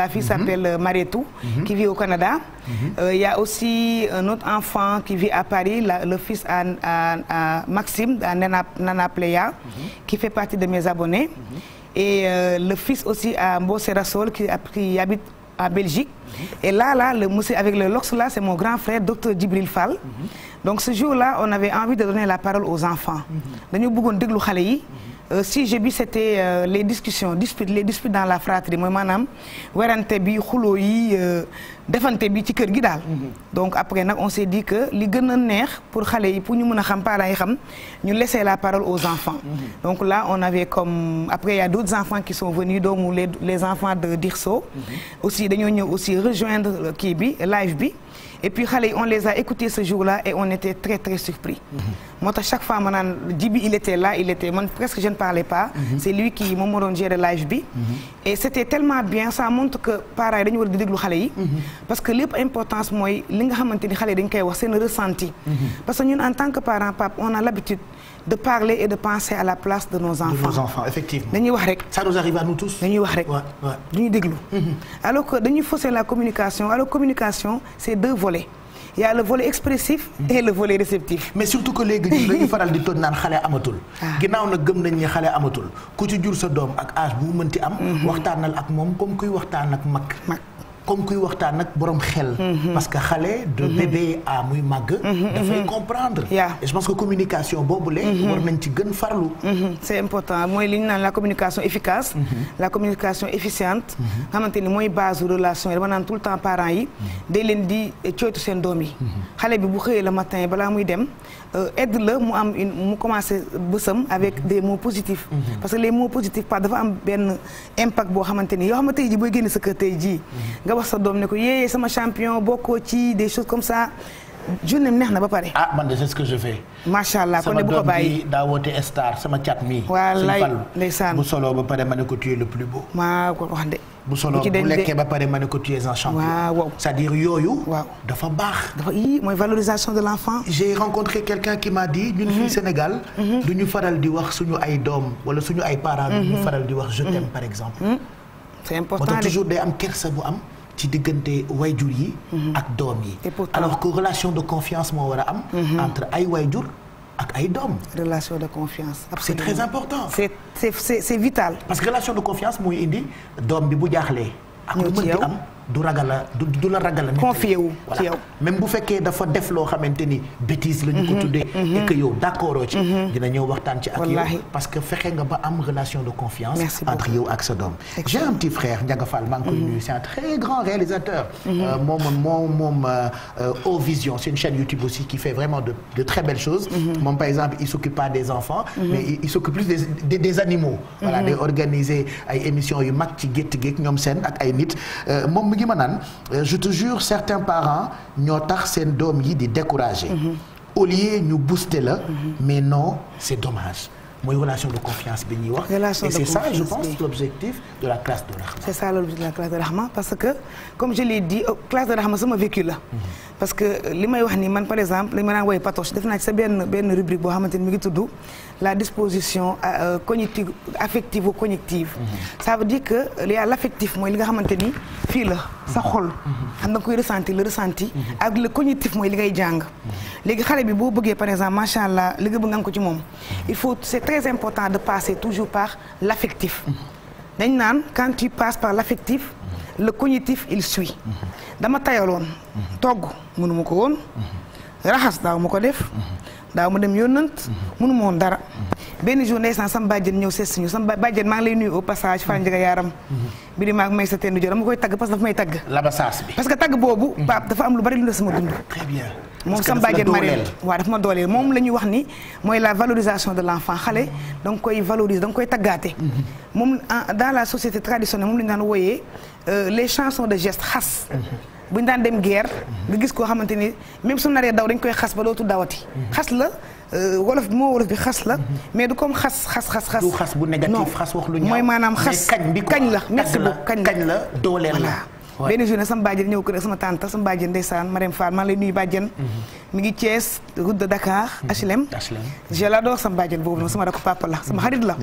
La fille mm -hmm. s'appelle euh, Marietou, mhm. au Canada. Mhm. Euh, il mm -hmm. euh, y a aussi un autre enfant qui vit à Paris, la, le fils à, à, à Maxime, à Nana, Nana Pleya, mhm. qui fait partie de mes Et euh, le fils aussi à Mbosserassol, qui, qui habite à Belgique. Et là, là, le monsieur avec le lox là, c'est mon grand frère, docteur Djibril Fall. Mm -hmm. Donc ce jour-là, on avait envie de donner la parole aux enfants. Nous avons Euh, sujet bi c'était euh, les discussions disputes les disputes dans la fratrie mooy maanaam werante bi xuloo yi euh, defante bi ci kër gi daal. Mhm. donc après nag on s'est di que li gën neex pour xale yi pour ñu mun a xam parents yi xam ñu laisser la parole aux enfants. Mhm. donc la on avait comme après y a d'autres enfants qui sont venus doomu les les enfants de Dirso. Mhm. aussi dañoo ñëw aussi rejoindre kii bi live bi. et puis xale yi on les a écoutés ce jour-là et on était très très surpris mm-hmm. moo chaque fois ma naan Djibi il était là il était man presque je ne parlais pas mm-hmm. c'est lui qui moom moo doon gérer mm-hmm. et c'était tellement bien ça montre que parents yi dañu war di déglu yi parce que lépp importance mooy li nga xamante ni xale y dañ koy wax seen ressenti parce que ñun en tant que parents Pape on a l'habitude de parler et de penser à la place de nos enfants. de nos enfants effectivement dañuy wax rek. ça nous arrive à nous tous. dañuy wax rek duñu déglu. Mhm. alors que dañuy fausser la communication alors communication c'est deux volets. Il y a le volet expressif mhm. et le volet réceptif. mais surtout que léegi ñun dañu faral di toog naan xale amatul. Ah. ginnaaw na gëm nañ ni xale amatul ku ci jur sa doom ak âge bu mu mënti am. Mhm. waxtaanal ak moom comme kuy waxtaan ak mag. mag comme kuy waxtaan ak borom xel. Mhm. parce que xale de mhm. bébé à muy màgg. Mhm, dafay comprendre. et je pense que communication boobule. war nañ ci gën farlu. c'est important mooy li ñu naan la communication efficace. la communication efficiente. xamante ni mooy base relation yi dama naan tout le temps parents yi. day leen di coytu seen doom yi. xale bi bu xëyee la matin balaa muy dem. Euh, aide la mu am une mu commencé bësam avec de mots positifs. Mhm. parce que les mots positifs pas dafa am benn impact boo xamante ni yoo xam ne tey jii booy génn sa kër tey jii. Mhm. nga wax sa doom ne ko yee sama champion bokkoo ci de choses comme ça. journée neex na ba pare. ah man de c'est ce que je fais. macha allah kon ne bu ko bàyyi sama doom bi daa woote star sama cat mi. wallaay ndeysaan bu solo ba pare ma ne ko tu es le plus beau. maa ko wax de. bu solo bu lekkee ba pare ma ne ko tu es yooyu. waaw dafa baax. dafa yii mooy valorisation de l'enfant. j'ai rencontré quelqu'un qui m'a dit. ñun fii mhm. Sénégal. Mhm. du ñu faral di wax suñu ay doom wala suñu ay parents. du ñu mhm. faral di wax je t'aime par exemple. c'est important moo tax toujours day am kersa bu am. ci diggante way jur yi. ak doom yi. alors que relation de confiance moo war a am. entre ay wayjur. ak ay doom. relation de confiance. absolument c'est très important. c'est c'est c'est vital. parce que relation de confiance mooy indi doom bi bu jaaxlee. ak lu mën di am. du ragala du du la ragala. confié wu ci yow bu fekkee dafa def loo xamante ni bêtise la ñu ko mhm, tuddee. Mhm. et que yow d'accord ci. Mhm. dina ñëw waxtaan ci ak yow. parce que fexe nga ba am relation de confiance. entre yow ak sa doom. j'ai un petit frère Ndiaga Fall maa ngi koy nuyu c'est un très grand réalisateur. Euh, moom euh, de de très belles choses. moom par exemple il s'occupe pas des enfants. il s'occupe plus des animaux. voilà day organiser ay émissions yu mag ci gétt géeg ñoom seen ak ay nit euh, mu ngi ma naan euh, je te jure certains parents ñoo tax seen doom yi di décourager mm-hmm. au lieu ñu booster la mm-hmm. mais non c'est dommage mooy relation de confiance bi ñuy wax. relation de confiance et c'est ça je pense l'objectif de la classe de Rahma. c'est ça l'objectif de la classe de Rahma parce que comme je l'ai dit euh, classe de Rahma sama vécu la. parce que li may wax ni man par exemple dañ ma naan woy patoche def naa ci sa benn benn rubrique boo xamante ni mi ngi tudd la disposition euh, cognitive affective ou cognitive mhm. ça veut dire que il y a l'affectif mooy li nga xamante ni fii la sa mhm. xol xam mhm. nga koy ressenti le ressenti ak le cognitif mooy li ngay jàng léegi xale bi boo bëggee par exemple macha allah li nga bëgg nga ko ci moom il faut c'est très important de passer toujours par l'affectif dañ naan quand tu passes par le cognitif il dama tayaloon togg mënuma ko woon raxas daaw ma ko def daaw ma dem yónnant mënuma woon dara benn jour ndeysaan sama bàjjen ñëw sees ñu sama bàjjen maa ngi lay nuyu au passage fan njëga yaaram bi di maag may sa tendu jo dama koy tagg parce que dafa may tagg labasaas bi parce que tagg boobu mm-hmm. Pape dafa am lu bari lu la sama dund ah, très bien moom sama bàjjen Mariam waaw dafa ma dooleel moom la ñuy wax ni mooy la valorisation de l' enfant xale mm-hmm. da nga koy valoriser da nga koy taggaate mm-hmm. moom dans la société traditionnelle moom la ñu wooyee Euh, les chansons de geste xas. bu ñu daan dem guerre. nga gis koo xamante ni même su naree daw dañ koy xas ba dootul dawati. xas la euh, wolof bi moo wolof bi xas la. mais du comme xas xas xas xas. xas bu négatif xas wax lu ñaaw mooy maanaam xas. kañ bi kañ la métti bu kañ la dooleel la. benn journée sama bàjjen ñëw kër sama tante sama bàjjen ndeysaan Marème Fall maa lay nuyu bàjjen mm-hmm. mi ngi Thiès route de a mm-hmm. HLM je l'adore sama bàjjen boobu na sama rakk papa la sama xarit la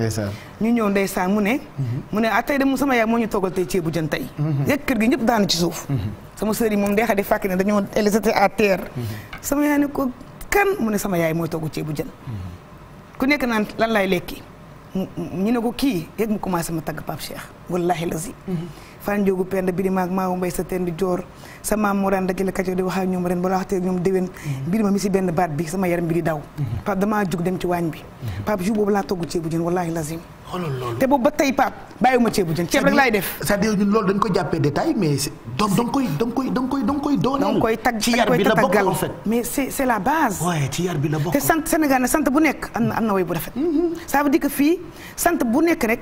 ñu ñëw ndeysaan mu ne mm-hmm. mu ne ah tey de sama yaay moo ñu toggal tey ceebu jan tey rek kër gi ñëpp daanu ci suuf sama sœur yi moom ndeexa di fàkk ne dañoo étaient à terre sama yaay ne ko kan mu ne sama yaay mooy togg ceebu jën ku nekk naan lan laay lekki ñu ne ko kii rek mu commencé ma tagg Pape Cheikh wallahi lazi fan jógu pend birima ak maawu mbay sa teen di joor sa maam moo daan dajale kaco di wax ak ren balaa waxtee ñoom déwén mhm. birima mi si benn baat sama yaram bi daw mhm. pap damaa jug dem ci waañ bi mhm. pap jour boobu c'est-à-dire ko jàppee détail mais donc da nga koy ci yar bi la bokk mais c'est la base te sant ne bu nekk am na am na way bu rafet ça veut fii sant bu nekk rek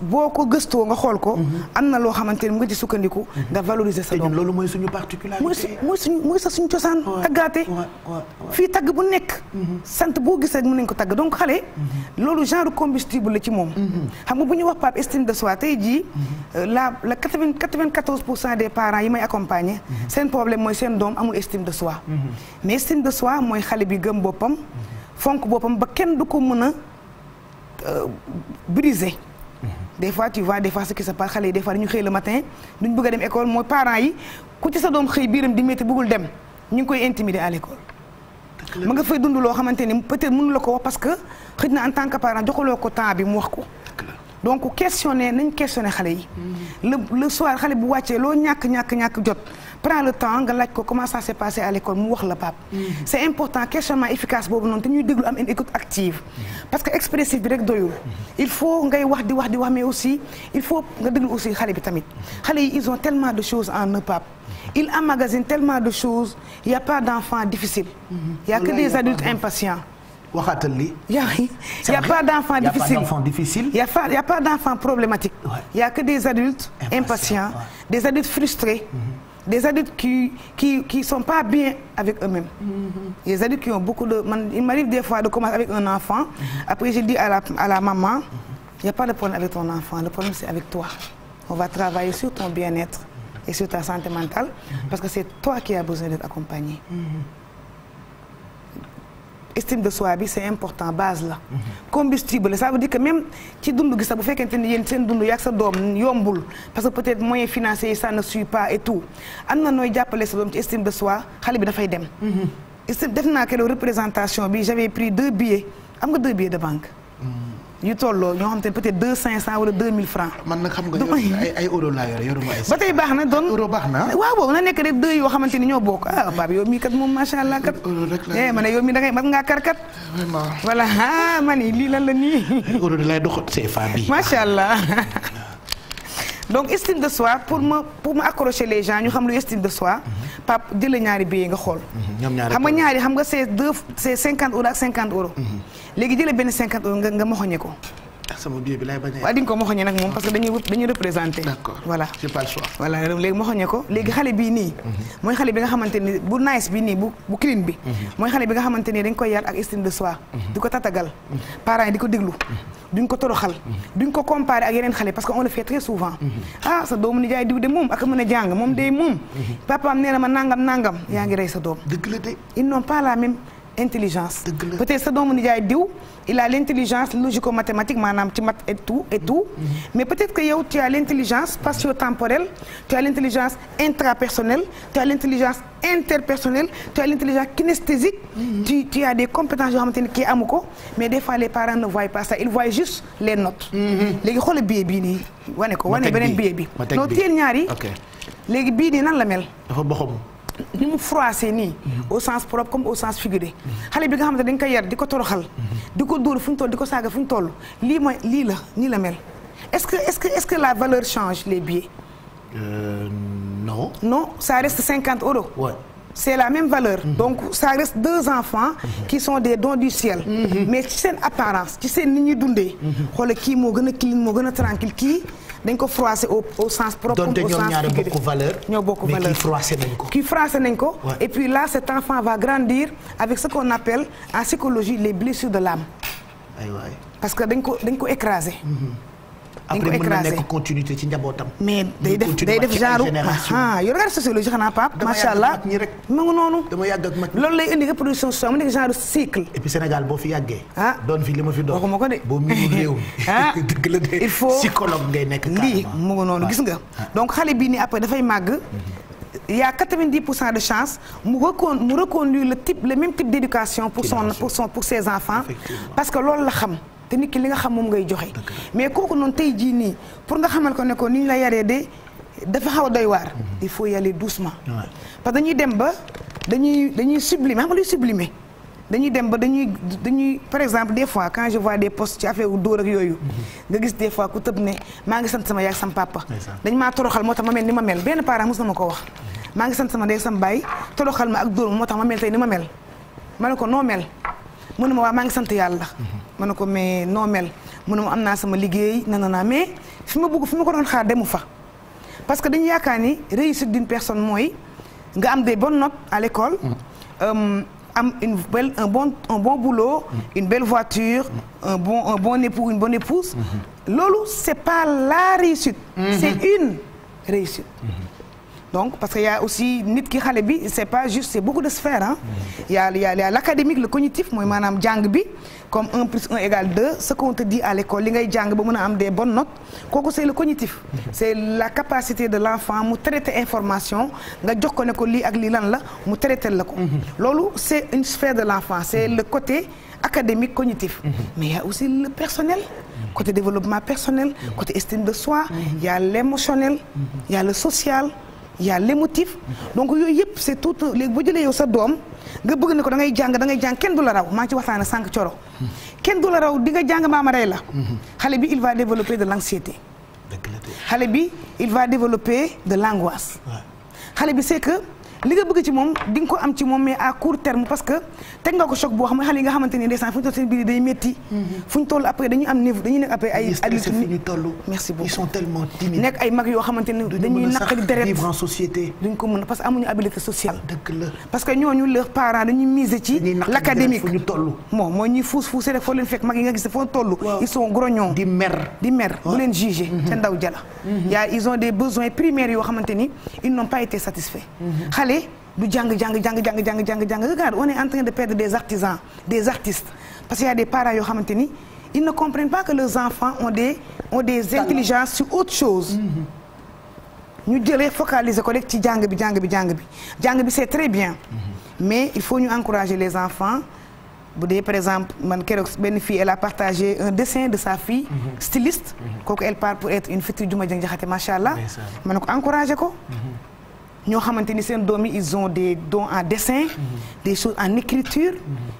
boo ko gëstoo nga xool ko. Mhm. am na loo xamante ni mu ngi ci sukkandiku. Mhm. nga valoriser sa doom loolu mooy suñu particularité. mooy su mooy suñu mooy sa suñu cosaan. taggaate fii tagg bu nekk. Mhm. sant boo gis rek mën nañ ko tagg donc xale. loolu genre combustible la ci moom. xam nga bu ñu wax Pape estime de soi tey jii. Euh, la la quatre vingt quatre vingt quatorze pour cent des parents yi may accompagner. seen problème mooy seen doom amul estime de soi. mais estime de soi mooy xale bi gëm boppam. fonk boppam ba kenn du ko mën a euh, briser. des fois tu vois des fois ce qui se passe xale yi des dañu xëy le matin duñ bëgg a dem école mooy parents yi ku ci sa doom xëy biiram di métti bëggul dem ñu ngi koy intimider à l'école ma nga fay dund loo xamante ni peut-être mënu la ko wax parce que xëy na en tant que parent joxaloo ko temps bi mu wax ko donc questionner nañ questionner xale yi mm-hmm. le le soir xale bu wàccee loo ñàkk ñàkk ñàkk jot prends le temps nga laaj ko comment ça s'est passé à l'école mu wax la Pape c'est important questionnement efficace boobu noonu te ñuy déglu am une écoute active parce que expressif bi rek il faut ngay wax di wax di wax mais aussi il faut nga déglu aussi xale bi tamit xale yi ils ont tellement de choses en eux Pape ils emmagasinent tellement de choses il y a pas d'enfants difficiles il y a que des adultes impatients waxaatal li yaa pas d' enfant difficile y' a pas il y' que des adultes impatients des adultes qui ki qui sont pas bien avec eux-mêmes. Mm-hmm. des de man il m'arrive des fois de commencer avec un enfant. Mm-hmm. après je dis à la à la maman. il mm-hmm. y a pas de problème ton enfant le problème c'est avec toi. on va travailler sur ton bien-être et sur ta santé mentale. Mm-hmm. parce que c'est toi qui as besoin estime de soi bi c'est important base la. combustible ça veut dire que même ci dund gi bu fekkente ni yéen seen dund yaag sa doom yombul parce que peut-être moyen financier yi ça ne suit pas et tout am na nooy jàppale sa doom ci estime de soi xale bi dafay dem. Mhm. estime def naa que représentation bi j'avais pris deux billets am nga deux billets de banque. Mm. yu tolloo ñoo xam te peut-être deux cinq cent wala deux mille francs. man nag xam nga ay ay ba tey baax na doon euro na. nekk deux yoo xamante ni ñoo bokk ah Pape yow mii kat moom macha allah kat. euro rek laa eh, yore ma ne yow mii dangay mat ngaa karkat. vraiment voilà ah man lii lan la nii. euro da lay doxat CFA bi. macha allah. donc estime de soi pour ma pour ma accrocher les gens ñu xam lu estime de soi. Pape jëla ñaari billets nga xool. Mm-hmm. ñoom ñaari xam nga ñaari xam nga c'est deux c'est cinquante euros ak cinquante euros. Mm-hmm. léegi jëla benn cinquante euros nga nga moxoñe ko. Ah, sama biir bi laay bañ a. waaw di ko moxoñee nag moom parce que dañuy représenté. d'accord voilà j'ai pas ko léegi xale bii nii. Mhm. mooy xale bi nga xamante nii mhm. dañ koy yar ak estime de soi. Mhm. di ko tatagal. parents yi di ko déglu. duñ ko toroxal. duñ ko comparé ak yeneen xale parce que on le fait très souvent. ah sa doomu nijaay diw de moom ak mën a jàng moom de moom. papaam nee na ma nangam nangam yaa ngi rey sa doom. dëgg de ils n'ont pas la intelligence peut-être sa doomu nijaay diw il a l'intelligence logico-mathématique maanaam ci math et tout et tout mhm. mais peut-être que yow tu as l'intelligence spatio-temporelle tu as l'intelligence intrapersonnelle tu as l'intelligence interpersonnelle tu as l'intelligence kinesthésique mhm. tu tu des compétences yoo xamante ne kii amu ko mais des fois les parents ne voient pas ça ils voient juste les notes mhm. léegi xoolal billet bii nii wane ko wane beneen billet bi non téel ñaar yi léegi bii nii nan la mel dafa boxom ni mu froissé nii au sens propre comme au sens figuré xale bi nga xamante dañ koy yar di ko toroxal di ko dóor fu ñu di ko saaga fu ñu toll lii mooy lii la nii la mel est-ce que est-ce que est que la valeur change les billets euh, non non ça cinquante euros ouais. la même valeur mhm. donc ça reste deux enfants mm -hmm. qui sont des dons du ciel mm mais ci seen apparence ci seen nit ñuy dundee mhm. xool kii moo gën a clean moo gën a tranquille kii dañ ko froissé au au sens propre au sens figuré ñoo bokk valeur mais kii froissé nañ ko. kii froissé nañ ko et puis là cet enfant va grandir avec ce qu'on appelle en psychologie les blessures de l'âme parce que dañ ko dañ ko écrasé. Mm-hmm. après mën na nekk continuité ci njabootam. mais day def day def genre ah, ah yor nga sociologie xanaa Pape. macha allah ak mag ñi rek. mu ngi noonu. loolu lay indi nga production mu nekk genre cycle. et Sénégal boo fi yàggee. ah doon fi li ma fi doon waxuma ko boo mu réew ah. il faut psychologue ngay nekk lii mu ngi noonu gis nga. Ah. donc xale bii ni après dafay màgg. Mm-hmm. il y a 90 pour cent de chance mu recon mu reconnu le type le même type d'éducation pour son pour son pour ses enfants parce que loolu la xam. te nit ki li nga xam moom ngay joxe. mais kooku noonu tey jii nii pour nga xamal ko ne ko ni ñu la yaree de dafa xaw a doy waar. Mhm. il faut y aller doucement. parce que dañuy dem ba dañuy dañuy sublimer xam nga luy sublimer. dañuy dem ba dañuy dañuy par exemple des fois quand je vois des postes ci affaire dóor ak yooyu. Mhm. nga gis des fois ku tëb ne maa ngi sant sama yaay ak sama papa. dañ maa toroxal moo tax ma mel ni ma mel benn parent mos na ma ko wax. Mhm. maa ngi sant sama ndey sama baay toroxal ma ak dóor moo tax ma mel tey ma mel. ma ne ko noo mel mu ma waa maa ngi sant yàlla. ma ne ko mais noo mel mu ma am naa sama liggéey na naa mais fi ma bugg fi ma ko doon xaar demu fa. parce que dañu yaakaar ni réussite d'une personne mooy nga am des bon notes à l'école mm. euh, am une belle un bon un bon boulot. Mm. une belle voiture. Mm. un bon un épouse. Mm-hmm. loolu c'est pas la réussite. Mm-hmm. c'est une réussite. Mm-hmm. donc parce que y' aussi nit ki xale bi c' est pas juste c' est beaucoup de sphères ah. y' la y' a y' cognitif mooy maanaam jàng bi comme 1 plus 1 ce qu' on te dit à l' école li ngay jàng ba mën a am des bonnes notes kooku c' est le cognitif. c' la capacité de l' enfant mu traiter information nga jox ko ne ko lii ak lii lan la mu traiter la ko. loolu c' est une sphère de l' enfant c' le côté académique cognitif. mais y' a aussi le personnel. côté développement personnel. côté estime de soi. l' émotionnel. y' a y a l'émotif donc yooyu yëpp c' tout léegi boo jëlee yow sa doom nga bëgg ne ko da ngay jàng da ngay jàng kenn du la raw maa ci waxtaane sànq coro kenn du la raw di nga jàng maama rey la xale bi il va développer de l' anxiété xale bi il va de l' angoisse xale bi c'est que li nga bëgg ci moom di nga ko am ci moom mais à court terme parce que teg nga ko choc boo xam ne xale yi nga xamante ne ndeysaan fu mhm. fu ñu toll après dañuy am yoo xamante ne dañuy naqari deret vivre que amuñu habilité sociale ah, dëgg la parce que ñooñu leurs parents dañuy miser ci l'académique fu ñu toll moom mooy di mer di mer bu leen juger te mhm. ndaw jala Mm-hmm. y a ils ont des besoins primaires yoo xamante ni ils n'ont pas été satisfaits mm-hmm. xale du jàng jàng jàng jàng jàng jàng jàng regarde on de perdre des artisans des artistes parce que y des parents yoo xamante ni ils ne comprennent pas que leurs enfants ont des ont des intelligences sur autre chose mm-hmm. ñu jëlee focaliser ko rek ci jàng bi jàng bi jàng bi jàng bi c'est très bien mais il faut ñu encourager les enfants bu dee par exemple man keroog benn fii elle a partagé un dessin de sa fi mhm. styliste. Mhm. kooku elle part pour être une future Diouma Dieng Diakhaté macha allah. ma ne ko encouragé ko. Mhm. ñoo xamante ni seen doom yi ils ont des dons en dessin. des choses en écriture.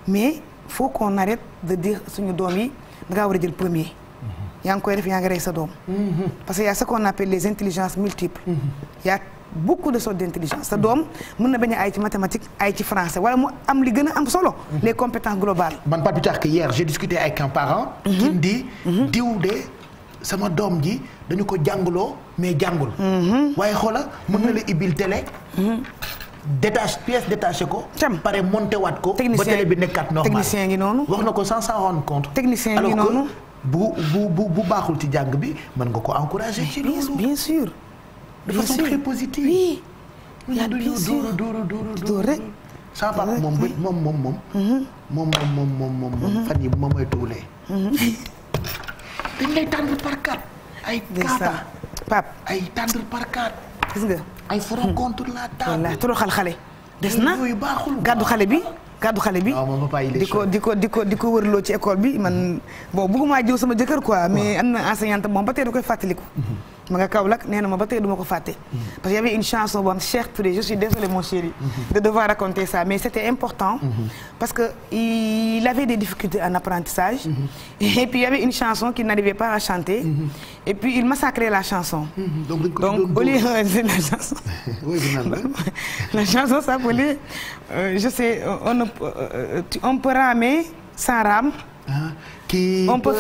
mais faut qu'on arrête de dire suñu doom yi da ngaa war a jël premier. yaa ngi koy def yaa ngi rey sa doom. parce que y a ce qu'on appelle les intelligences multiples. a beaucoup de sortes d'intelligence sa doom mun na bañ a ay ci mathématiques ay ci français wala mu am li gën a am solo mhm. les compétences globales man pas plus tard que hier j'ai discuté avec un parent mhm. mhm. diw de sama doom ji dañu ko jàngaloo mais jàngul waaye xoola mun na la ibil télé détache pièce détaché ko. cam pare monté waat ko. ba télé bi nekkaat normal technicien ngi noonu. wax na ko san s'en rendre compte. technicien ngi noonu bu bu baaxul ci jàng bi mën nga ko encourager. ci loolu bien de façon très positive. dóor dóor dóor rek. sama moom bët moom moom moom. moom moom moom moom moom fan yi dañ lay tàndal par quatre. ay pap ay tàndal par quatre. gis nga ay front mm-hmm. contre la table. wallaahi toroxal xale. des na gàddu xale bi. gàddu xale bi di ko di ko di ko di ko wërloo ci école bi man mm-hmm. bon bëgguma jëw sama jëkkër quoi mais am na enseignante moom ba tey da koy fàttaliku. Mm-hmm. ma nga Kaolack nee na ma ba tey du ma ko fàtte. Mm-hmm. parce que y avait une chanson boo xam Cheikh Touré je suis désolé mon mm-hmm. de devoir raconter ça mais c'était important. Mm-hmm. parce que il avait des difficultés en apprentissage. et puis y avait une chanson qu'il n'arrivait pas à chanter. et puis il la chanson. donc donc au lieu la chanson. la chanson s'appelait euh, je sais euh, on euh, on peut ramer sans ah. qui on peut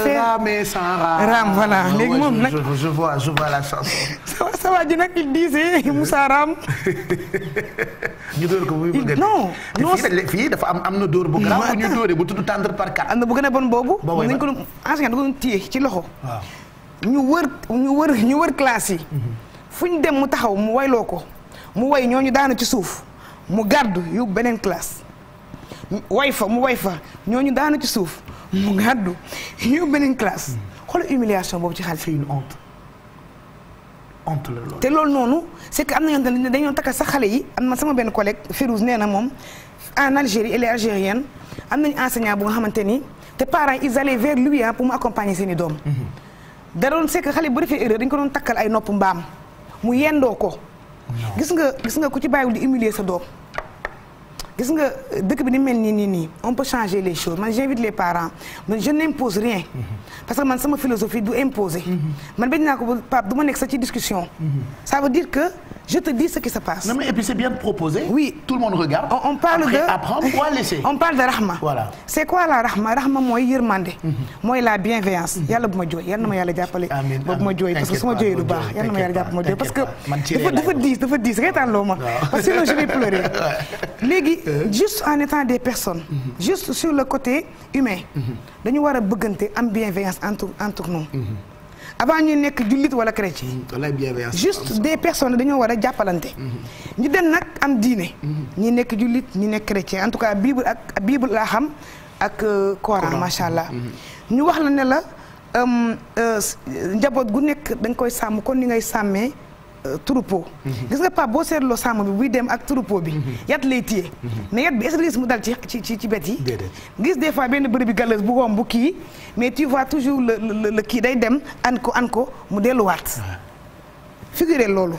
voilà ah léegi moom nag je vois je vois la chanson. sa sa waa ji nag il disait Moussa Ram. ñu dóor ko muy bëgg non non fii dafa am am na dóor bu grand bu ñu dóoree bu tudd tendre am na bu gën a bon boobu. boobu nañ ko doon ah, enseignant da ko doon téye ci loxo. ñu wër ñu wër ñu wër classe yi. Mhm. fu ñu dem mu taxaw mu wayloo ko mu way ñu daanu ci suuf mu gàddu yu beneen classe. way fa mu way fa ñooñu daanu ci suuf. mu ngàddu ñëw beneen classe xoolal humiliation boobu ci xaal fii une honte honte te loolu noonu c'est que am na ñoo dañoo takkal sax xale yi am na sama benn collègue Férouz nee na moom en Algérie elle est am nañu enseignant bu nga xamante ni te parents ils allaient vers lui pour mu accompagner seen i doom mm-hmm. da doon c'est xale bu defee erreur dañ ko doon takkal ay nopp mbaam mu yendoo ko gis nga gis nga ko ci bàyyiwul di humilier sa doom gis nga dëkk bi ni mel ni nii nii on peut changer les choses man j'invite les parents man je n'impose rien mhm. parce que man sama philosophie du imposer mhm. man bañ naa ko ba Pape du ma nekk sax ci discussion mhm. ça veut dire que je te dis ce qui se passe. non mais et puis c'est bien oui tout le monde regarde. on, parle de rahma. c'est quoi la rahma rahma mooy yërmande. Mhm. mooy la bienveillance. Mhm. yàlla bu ma jooy yal na ma yàlla jàppale. amiin ba bu ma jooy parce que su ma jooyee du baax yal na ma yàlla jàpp ma jooy parce que. dafa dafa diis dafa diis reetaanloo ah. parce que sinon je vais pleurer. léegi euh. juste en étant des personnes. Mhm. juste sur le côté humain. dañu war a bëggante am bienveillance entre entre nous. avant ñuy nekk jullit wala chrétien. Mm, juste des personnes dañoo war a jàppalante. Mm-hmm. ñu dem nag am diine. Mm-hmm. ñi nekk jullit ñi nekk chrétien en tout cas bible ak bible laa xam ak euh, Coran macha allah. Mm-hmm. ñu wax la ne la euh, euh, njaboot gu nekk da koy sàmm kon ni ngay sàmmee. Euh, troupeau mhm. gis nga Pape boo seetloo sàmm bi buy dem ak troupeau bi mhm. yat lay téye mhm. mais yat bi est-ce mu dal ci ci ci bet yi gis des fois benn bëri bi gàllas bu romb bu kii mais tu vois toujours la la kii day dem an ko an ko mu delluwaat figuré loolu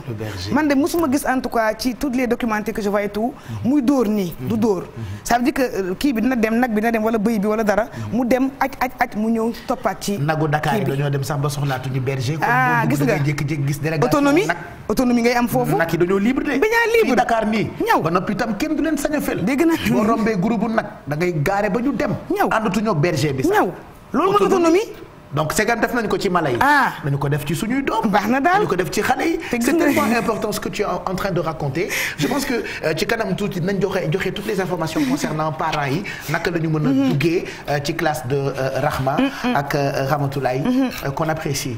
man de mosuma gis en tout cas ci toutes les documentaires que je vois et tout muy dóor nii du dóor ça veut que euh, kii bi dina dem nag bi dina dem wala bëy bi wala dara mu dem aj aj aj mu ñëw toppaat ci nagu Dakar yi dañoo dem sax ba soxlaatuñu berger ah gis nga jékki-jékki gis délégation autonomie autonomie ngay am foofu nag yi dañoo libre de bañaa libre Dakar nii ñëw ba noppi itam kenn du leen sañ a fel dégg na boo rombee groupe nag da ngay gaare ba ñu dem ñëw àndatuñoo berger bi sax donc segam def na ko ci mala yi. ah nañu ko def ci suñuy doom. baax na daal nañu ko def ci xale yi. c'est tellement important ce que tu es en train de raconter. je pense que euh, ci kanam tuuti nañ joxe joxe toutes les informations concernant parents yi naka la ñu mën a mm-hmm. duggee euh, ci classe de euh, Rahma. Mm-hmm. ak Ramatoulaye. Mm-hmm. qu'on apprécie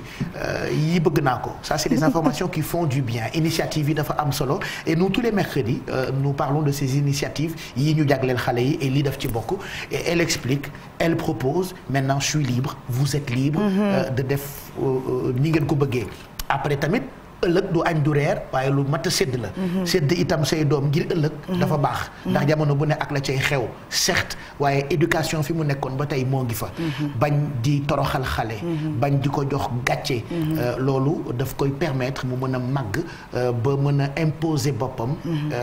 yi bëgg naa ko. ça c'est des informations qui font du bien initiative yi dafa am solo et nous tous les mercredis nous parlons de ces initiatives yi ñu jagleel xale yi et lii def ci bokk et elle explique elle propose maintenant je suis libre. Mhm. Euh, de def euh, euh, ni ngeen ko bëggee après tamit. ëllëg du añ du reer waaye lu mat a la mhm. sédd itam say doom ngir ëllëg mhm. dafa baax ndax jamono bu ne ak la cay xew certes waaye éducation fi mu nekkoon ba tey moo ngi fa bañ di toroxal xale bañ di ko jox gàcce loolu daf koy permettre mu mën a màgg ba mën a imposer boppam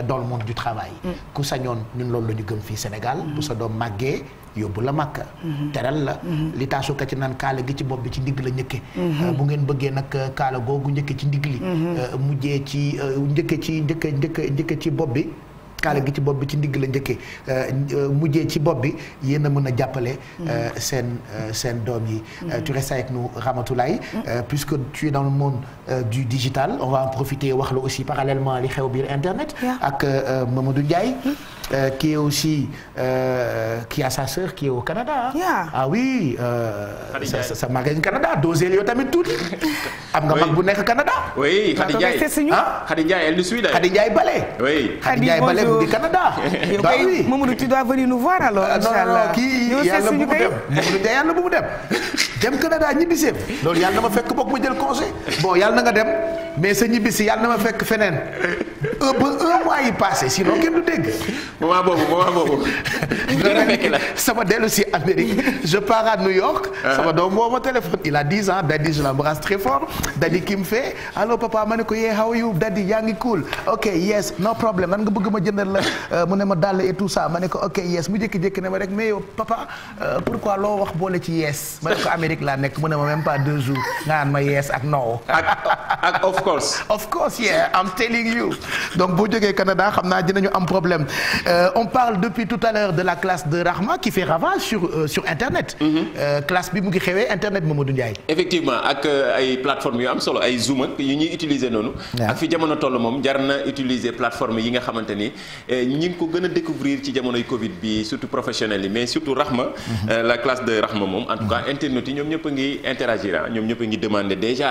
dans le monde du travail mm. ku sañoon ñun loolu la gëm fii Sénégal mm. bu sa doom màggee yóbbu la màkk mhm. teral la mhm. li taasuka ci naan kaala gi ci bopp bi ci ndigg la njëkke mhm. euh, bu ngeen bëggee nag euh, kaala googu njëkke ci ndigg li euh, mujjee ci njëkke ci njëkke njëkke njëkke ci bopp bi kaala gi ci bopp bi ci ndigg la njëkkee euh, euh, mujjee ci bopp bi yéen a mën a jàppale mm. euh, seen seen doom yi mm. tu restes avec nous Ramatoulaye mm. puisque tu es dans le monde du digital on va en profiter wax la aussi parallèlement li xew biir internet ak Mamadou Ndiaye qui est aussi qui a sa sœur qui est au Canada ah oui sa magasin Canada dosel yow tamit tuuti am nga mag bu nekk Canada oui Khady Ndiaye ah, Khady Ndiaye elle nous suit même du Canada. yow kay Mamadou tu a venir nous voir alors. Ah, incha allah yow c'est suñu kay yàlla bu mu dem. dem Canada ñibbiseem. loolu yàlla na ma fekk boog ma jël conseil. bon yàlla na nga dem. mais sa ñibbisi yàlla na ma fekk feneen un ba un mois yi passé sinon kenn du dégg. moment boobu boobu. dina fekk la sama dellu si Amérique je pars à New York. Ah. sama doom woo ma téléphone il a 10 ans Daddy je l'embrasse très fort Daddy ki mu fee papa ma ne ko yeah how are you Daddy yaa ngi cool ok yes no problème nan nga bëgg ma jëndal la euh, mu ne ma dàll et tout ça ma ne ko ok yes mu jékki-jékki ne ma rek mais yow papa euh, pourquoi loo wax boole ci yes ma ne ko Amérique laa nekk mu ne ma même pas deux jours nga ma yes ak no course. of course yeah I'm telling you donc boo jógee Canada xam naa dinañu am problème euh, on parle depuis tout à l'heure de la classe de Rahma qui fait ravage sur euh, internet. Mm-hmm. Euh, classe bi mu ngi xewee internet Mamadou Ndiaye. effectivement ak ay plateformes yu am solo ay Zoom ak yu ñuy utiliser noonu. ak fi jamono toll moom jar na utiliser plateforme yi nga xamante ñi ngi ko gën a découvrir ci jamonoy Covid bi surtout professionnels yi mais surtout Rahma. Mm-hmm. la classe de Rahma moom en tout cas mm-hmm. internet yi ñoom ñëpp a ngi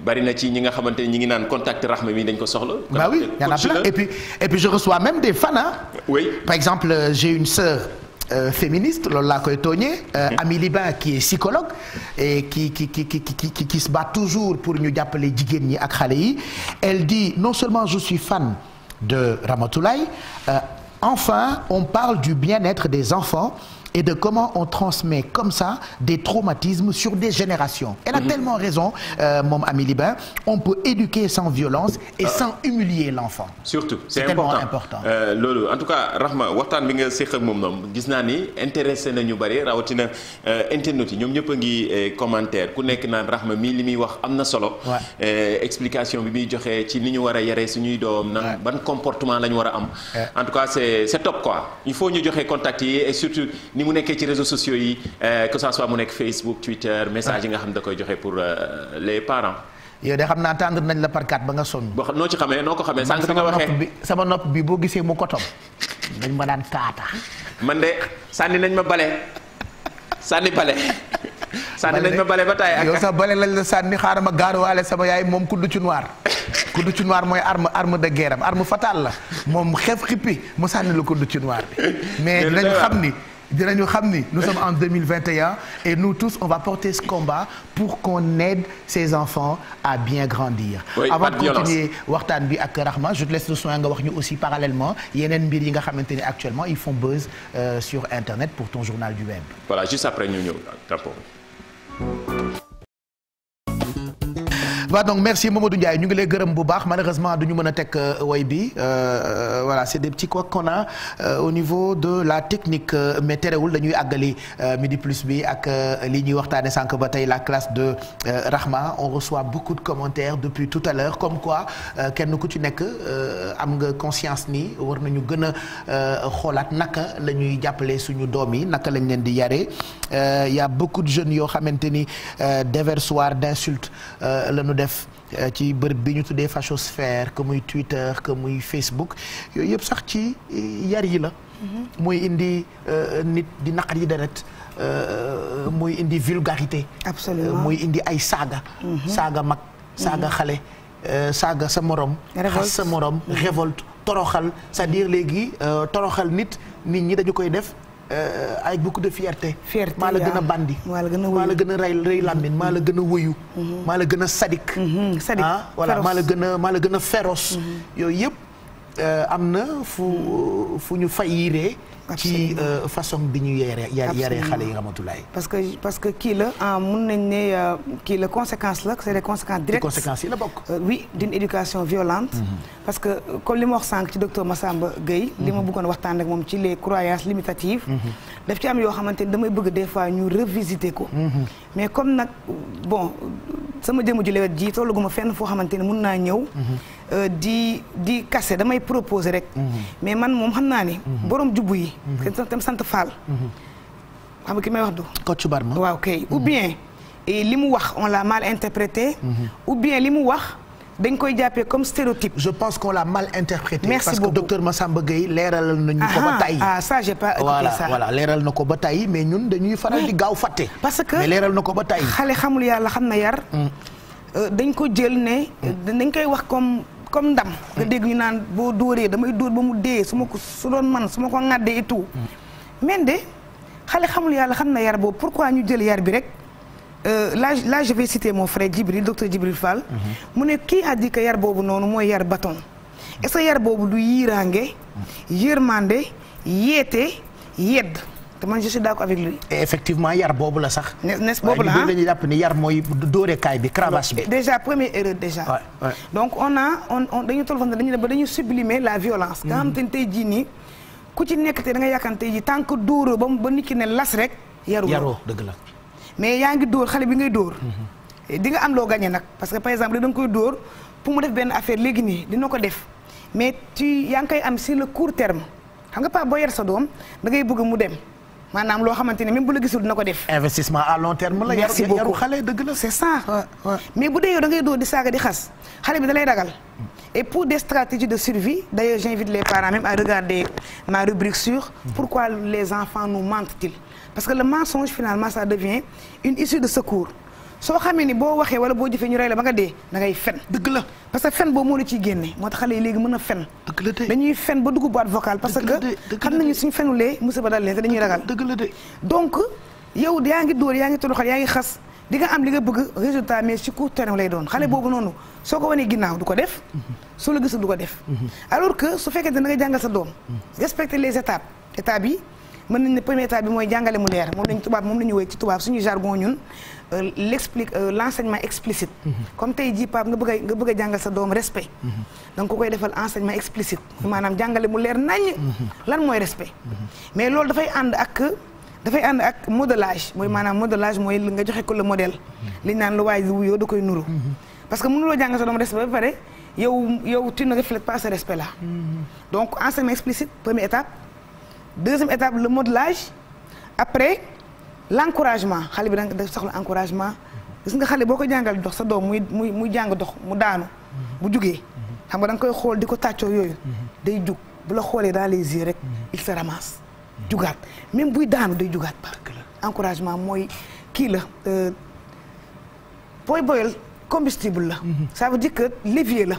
bari na ci ñi nga xamante ne ñi ngi naan contact rahma mi dañ ko soxla. bah oui y a plein et puis et je reçois même des fans par exemple euh, j'ai une sœur. Euh, féministe loolu laa koy tooñee euh, mhm. Amélie Ba qui est psychologue et qui qui qui qui qui qui, se bat toujours pour ñu jàppale jigéen ñi ak xale yi elle dit non seulement je suis fan de Ramatoulaye euh, enfin on parle du bien-être des enfants et de comment on transmet comme ça des traumatismes sur des générations. Elle a mm -hmm. tellement raison euh, moom Amélie Ba on peut éduquer sans violence et ah. sans humilier l'enfant. surtout c'est important euh, loolu en tout cas Rahma waxtaan bi nga séq moom moom gis naa ni intéressé na ñu bari rawatina euh, internet yi ñoom ñëpp a ngi commentaire ku nekk naan Rahma mii li muy wax am na solo. explication bi muy joxe ci ni ñu war a yaree suñuy doom. na ban comportement la ñu war a am. en tout cas c'est c'est top quoi il faut ñu joxe contact yi ni mu nekkee ci réseaux sociaux yi euh, que ça soit mu nekk Facebook Twitter message yi nga xam da koy joxe pour euh, les parents. yow de xam naa tendre nañ la par quatre ba nga sonn. boo xam noo ci xamee noo ko xamee. sànq bi nga waxee sama nopp bi sama nopp bi boo gisee mu kotom dañ ma daan taata. man de sànni nañ ma bale sànni bale. sànni nañ ma bale ba taay ak yow sax bale lañ la sànni xaaral ma gaaruwaale sama yaay moom kuddu ci noir kuddu ci noir mooy arme arme de guerre am arme fatale la moom xef xippi mu sànni la kuddu ci noir bi mais dinañ xam ni. dinañu xam ni nous sommes en 2021 et nous tous on va porter ce combat pour qu'on aide ces enfants à bien grandir oui, avant de continuer waxtaan bi ak Rahma je te laisse le soin nga wax ñu aussi parallèlement yeneen mbir yi nga xamante ni actuellement ils font buzz euh, sur internet pour ton journal du web voilà juste après ñu ñëw voilà donc merci Mamadou Ndiaye ñu ngi lay gërëm bu baax malheureusement du ñu mën a teg euh, way bi euh, euh, voilà c'est des petits quoi au niveau de la technique mais terewul dañuy àggali midi plus bi ak li ñuy waxtaane sànq ba tey la classe de Rahma on reçoit beaucoup de commentaires depuis tout à l'heure comme quoi kenn ku ci nekk am nga conscience ni war nañu gën a xoolaat naka la jàppale suñu doom yi naka lañ leen di yaree y a beaucoup de jeunes yoo xamante ni déversoir d'insultes lañu def euh, ci bërëb bi ñu tuddee fachosphère que muy Twitter que muy Facebook yooyu yëpp sax ci euh, yar yi la. Mm-hmm. mooy indi euh, nit di naqar yi deret mooy indi vulgarité. absolument muy indi ay saaga. Mm-hmm. saaga mag saaga mm-hmm. xale. saaga sa morom. xas sa morom révolte toroxal sa diir dire léegi toroxal nit nit ñi dañu koy def. Euh, ay beaucoup de fierté. fierté maa la gën a bandi. maa la gën a wuyu gën a rey rey làmmiñ maa la gën a wuyu. Mm-hmm. maa la gën a sadik. Mm-hmm. sadik ah, voilà maa la gën a maa la gën a féroce. Mm-hmm. yooyu yëpp. Euh, am na fu fu ñu fayiree ci euh, façon bi ñu yare yaree xale yi ramatulaay parce que parce que kii la ah, mun nañ ne euh, kii la conséquence la c'est des conséquences directes conséquences yi la bokk oui d'une éducation violente mm-hmm. parce que comme li ma wax sànq ci ma Massamba géey li ma mm-hmm. bëggoon waxtaan ak moom ci les croyances limitatives mm-hmm. daf ci am yoo xamante ni damay bëgg des fois ñu revisiter ko mais comme nag bon sama jëmu ji lewet ji tolluguma fenn foo xamante ni mun naa ñëw Euh, di di kase damay proposer rek. Mhm. mais man moom xam naa ne mhm. boroom jubbu yi. tam mhm. sant Fall. xam ki may wax du. Kocc Barma waaw kay ou bien li mu wax on l'a mal interprété. ou bien li mu wax. dañ koy jàppee comme stéréotype. je pense qu'on l'a mal interprété. merci parce beaucoup. que docteur Massamba Gueye leeralal nañu ko ba ah, ah, tey. Ah, leeral na ko ba tey mais ñun dañuy faral di gaaw fatte parce que leeral na ko ba tey. xale xamul yàlla xam na yar. Mm. Euh, dañ ko jël ne. Mm. dañ koy wax comme. comme ndam nga dégg ñu naan boo dóoree damay dóor ba mu dee su ma ko su doon man su ma ko ŋàddee et tout de xale xamul yàlla xam na yar boobu pourquoi ñu jël yar bi rek euh, là là je vais moo mon frère Djibril docteur Djibril mm-hmm. mu ne kii a dit yar boobu noonu mooy yar bâton est-ce yar boobu du yiiraange yërmande yeete yedd te man je yar boobu la sax. ne ne boobu la ah dañuy jàpp ni yar mooy dóorekaay bi on a on on dañu toll fan ba dañu sublimer la violence. nga xam mhm. ne tey jii nii ku ci nekk te da nga yaakaar tey jii tant que dóoroo ba ba nit ki ne las rek. yaroo yaroo dëgg la. mais yaa ngi dóor xale bi ngay door mhm. di nga am loo gagné nag parce que par exemple da koy door pour mu def benn affaire léegi nii dina ko def mais tu yaa ngi koy am si le court terme xam nga pas boo yar sa doom da ngay bëgg mu dem. maanaam loo xamante ni même bu la gisul dina ko def. investissement à long terme la. merci yaru xale dëgg la c'est ça. mais bu dee yow da ngay doo di saaga di xas bi da lay ragal. et pour des stratégies de survie d'ailleurs j'invite les parents même à regarder ma rubrique sur pourquoi les enfants nous mentent-ils parce que le mensonge finalement ça devient une issue de secours. soo xamee ni boo waxee wala boo jëfee ñu rey la ba nga dee da ngay fen dëgg la parce que fen boobu moo la ciy génne moo tax xale yi léegi mën a fen dëgg la de dañuy fen ba dugg boîte vocale parce que xam nañu suñu fenulee musiba dal leen te dañuy ragal dëgg la de donc yow yaa ngi dóor yaa ngi toroxal yaa ngi xas di nga am li nga bëgg résultat mais ci court doon xale mhm. boobu noonu soo ko wanee ginnaaw du ko def mhm. soo la gisul du ko def mhm. alors que su fekkee da nga jàngal sa doom respecter les étapes étapes yi mën nañ ne première étape bi mooy jàngale mu leer moom lañ tubaab moom la ñu woy ci tubaab suñu jargon ñun euh, l'explique euh, l'enseignement explicite mm-hmm. comme tey jii Pape nga bëgg a nga bëgg a jàngal sa doom respect mm-hmm. donc ko koy defal enseignement explicite mm-hmm. maanaam jàngale mu leer nañ lan mooy respect mais loolu dafay ànd ak dafay ànd ak modelage mooy maanaam modelage mooy nga joxe ko le modèle liñ naan lu waay di wuyoo da koy nuru parce que mënuloo jàngal sa doom respect ba pare yow yow tu ne reflètes pas ce respect là donc enseignement explicite deuxième étape le modelage après l' encouragement xale bi da nga soxla encouragement gis nga xale boo ko jàngal dox sa doom muy muy muy jàng dox mu daanu bu jugee xam nga da nga koy xool di ko tàccoo yooyu day jug bu la xoolee dans les yeux rek il se ramasse jugaat même buy daanu day jugaat par encouragement mooy kii la euh, booy boyal combustible la. ça veut dire que levier la.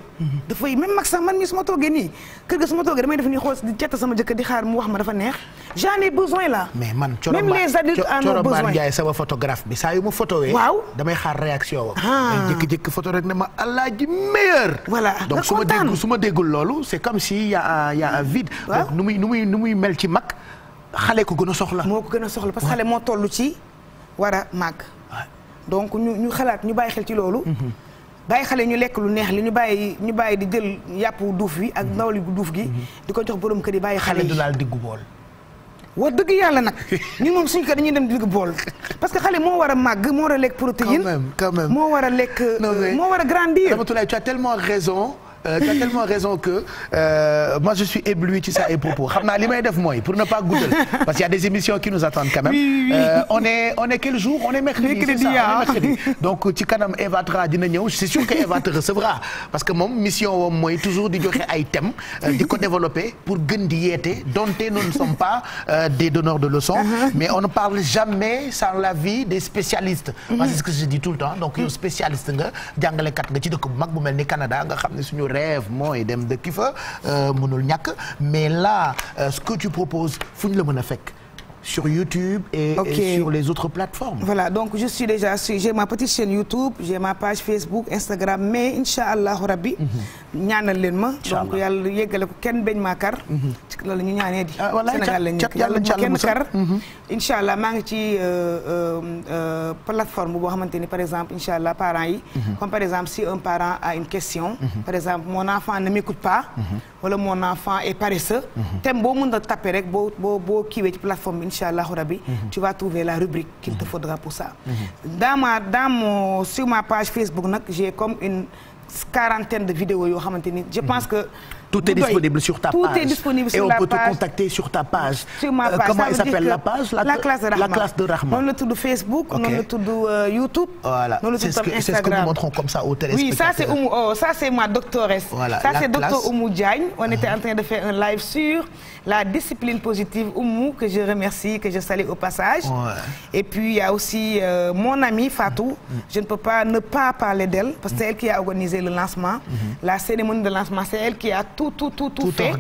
dafay même mag sax man mii su ma toogee nii kër ga su ma toogee damay def nii xool di jett sama jëkkër di xaar mu wax ma dafa neex j'en ai besoin là. mais man même les adultes en ont besoin sama photographe bi saa yu ma photowee. waaw damay xaar réaction wam. ah jékki-jékki photo rek ne ma allah ji meilleur. voilà donc su ma déggul loolu c'est comme si y a un nu muy nu muy muy mel ci mag xale ko gën a soxla. moo ko gën a soxla parce que xale moo toll ci war a màgg. donc ñu ñu xalaat ñu bàyyi xel ci loolu. Mhm. bàyyi xale ñu lekk lu neex li ñu bàyyi ñu bàyyi di jël yàpp wu duuf wi ak mhm. ndawli bu duuf gi. Mhm. di ko jox boroom kër yi bàyyi xale yi du laal diggu bool. wa dëgg yàlla nag ñun moom suñu kër dañuy dem digg bool parce que xale moo war a màgg moo war a lekk protéine. quand même quand même moo war a lekk. moo war a grandir. Ramatoulaye tu as tellement raison. Euh, tu as tellement raison que euh, moi je suis ébloui ci sa ay propos xam naa li may def mooy pour ne pas guddal parce qu'il y a des émissions qui nous attendent quand même. Euh, on est on est quel jour on est mercredi. mercredi ah. mercredi donc ci kanam Eva Tra dina ñëw c'est sûr que Eva te recevra parce que moom mission woom mooy toujours di joxe ay thèmes di ko développer pour gën di yeete donte nous ne sommes pas des donneurs de leçons. Uh-huh. mais on ne parle jamais sans l'avis des spécialistes. c'est uh-huh. ce que je dis tout le temps donc yow spécialiste nga jàngalekat nga ci dëkk bu mag bu mel ni Canada nga xam ne suñu rêve mooy dem dëkki fa euh, mënul ñàkk mais là euh, ce que tu proposes fu ñu la mën a fekk sur YouTube et, okay. et, sur les autres plateformes. Voilà, donc je suis déjà j'ai ma petite chaîne YouTube, j'ai ma page Facebook, Instagram, mais incha allahu rabbi. Mhm. ñaanal leen donc yàlla yeggale ko kenn bañ maa kar. Mhm. ci la ñu ah, yàlla kenn kar. Mhm. incha allah maa ngi ci euh, euh, euh, plateforme boo xamante par exemple incha allah parents yi. comme par exemple si un parent a une question. par exemple mon enfant ne m'écoute pas. wala mon enfant est paresseux. thème boo mën a tapé rek incha allahu rabi. Mhm. tu vas trouver la rubrique qu'il te mhm. faudra pour ça. Mhm. dans mon sur ma page Facebook nag j'ai comme une quarantaine de vidéos yoo xamante ni je pense que. Tout est disponible sur ta tout page. Tout est disponible sur la page. Et on peut te contacter sur ta page. Sur ma euh, page. Euh, comment elle la classe de Rahma. La classe de Facebook, okay. noonu la tudd euh, YouTube. nous montrons comme ça aux oh, en train de faire un live sur la discipline positive Oumou que je remercie, que je salue au passage. Et il y a aussi euh, mon amie Fatou. Mmh. Je ne peux pas ne pas parler d'elle parce que c'est elle qui a organisé le lancement. Mm-hmm. La cérémonie de lancement, c'est elle qui a tout, tout, tout, tout, fait.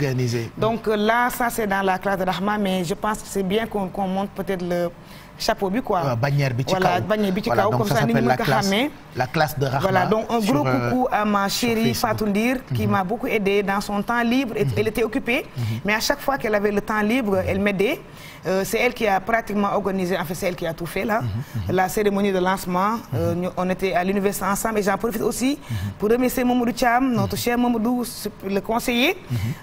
Donc euh, là, ça c'est dans la classe de Rahma, mais je pense que c'est bien qu'on qu peut-être le chapeau bi quoi. Euh, bannière bi ci kaw voilà bannière bi ci kaw comme ça nit ñi mën ko xàmmee. la classe de Rahma voilà donc un gros euh, coucou à ma chérie Fatou Ndir. qui mhm. m'a beaucoup aidé dans son temps libre. Mhm. elle était occupée. Mhm. mais à chaque fois qu'elle avait le temps libre elle m'aidait. Euh, c'est elle qui a pratiquement organisé en fait c'est elle qui a tout fait là. Mhm, mhm. la cérémonie de lancement. Mhm. Euh, on était à l'université ensemble et j'en profite aussi. pour remercier Mamadou Thiam notre cher Mamadou le conseiller.